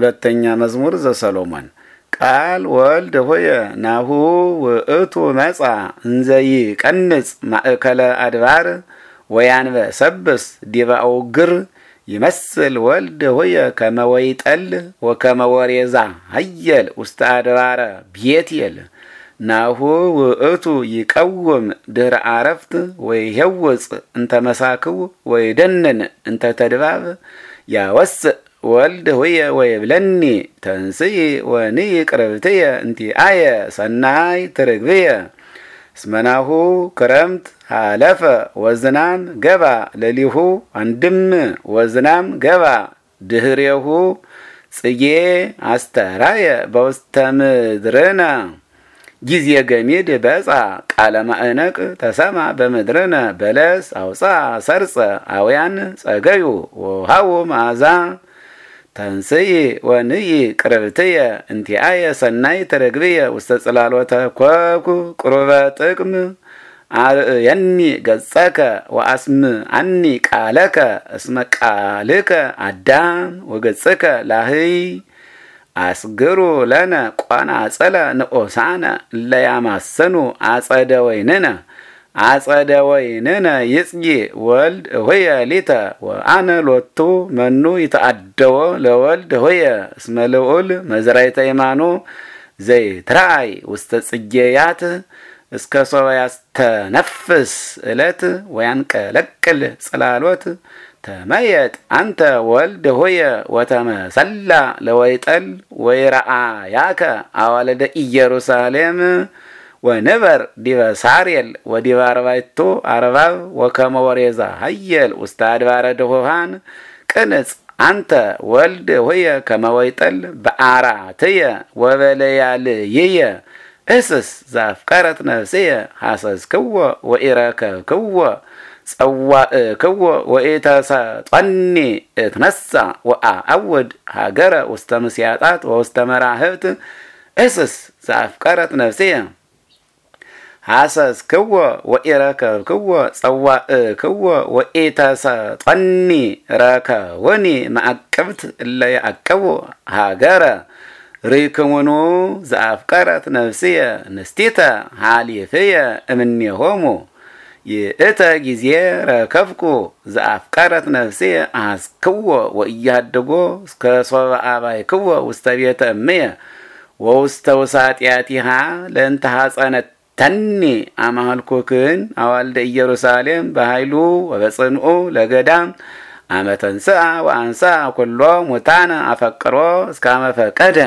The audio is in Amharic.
ሁለተኛ መዝሙር ዘሰሎሞን ቃል ወልድ ሆየ ናሁ ውእቱ መጻ እንዘይ ቀንጽ ማእከለ አድባር ወያንበ ሰብስ ዲባኡ ግር ይመስል ወልድ ሆየ ከመ ጠል ወከመ ወሬዛ ሀየል ውስተ አድባረ ቤትየል ናሁ ውእቱ ይቀውም ድህረ አረፍት ወይ እንተ መሳክው ወይ እንተ ተድባብ ያወስእ ወልድ ሆየ ወይብለኒ ተንስኢ ወንይ እንቲ እንቲአየ ሰናይ ትርግብየ እስመናሁ ክረምት አለፈ ወዝናም ገባ ለሊሁ አንድም ወዝናም ገባ ድህሬሁ ጽጌ አስተራየ በውስተ ምድርነ ጊዜ ገሚድ በጻ ቃለ ማእነቅ ተሰማ በምድርነ በለስ አውፃ ሰርፀ አውያን ጸገዩ ወሃው መዓዛ ተንስኢ ወንኢ ቅርብትየ እንቲአየ ሰናይ ተረግብየ ውስተ ጽላሎተ ኮኩ ቅሩበ ጥቅም አርእየኒ ገጸከ ወአስም አኒ ቃለከ እስመ ቃልከ አዳም ወገጽከ ላህይ አስግሩ ለነ ቋና ንዑሳነ ንኦሳነ ለያማሰኑ አጸደ ወይንነ አጸደ ወይንነ ይጽጊ ወልድ ሆየ ሊተ ወአነ ሎቱ መኑ ይተአደወ ለወልድ ሆየ እስመ ልዑል መዝራይተ ዘይ ትራአይ ውስተ ጽጌያት እስከ ሰው ያስተነፍስ እለት ወያንቀለቅል ጽላሎት ተመየጥ አንተ ወልድ ሆየ ወተመሰላ ለወይጠል ወይ ረአ ያከ አዋለደ ኢየሩሳሌም ወንበር ዲበ ሳሬል ወዲበ አርባይቶ አርባብ ወከመ ወሬዛ ሀየል ውስተ አድባረ ድሁሃን ቅንጽ አንተ ወልድ ሆየ ከመ ወይጠል ወበለያል ይየ እስስ ዘአፍቀረት ነፍስየ ሐሰስክዎ ወኢረከብክዎ ጠኒ ወኢተሰጧኒ ወአ አውድ ሃገረ ውስተ ምስያጣት ወውስተ መራህብት እስስ ቀረት ነፍስየ ሐሰስክዎ ወኢረከብክዎ ጸዋእክዎ ወኢተሰጠኒ ረከቡኒ መዐቅብት እለ ይዐቅቡ ሃገረ ርኢክሙኑ ዘአፍቀረት ነፍስየ ንስቲተ ሐሊፍየ እምኔሆሙ ይእተ ጊዜ ረከብኩ ዘአፍቀረት ነፍስየ አሐስክዎ ወእያሃድጎ እስከ ሶበ አባይክዎ ውስተ ቤተ እምየ ወውስተ ውሳጢአቲሃ ለእንተ ሐፀነት ተኒ አማልኮክን አዋልደ ኢየሩሳሌም በኃይሉ ወበጽንኡ ለገዳም አመተንስአ ወአንሳ ኩሎ ሙታነ አፈቅሮ እስካመፈቀደ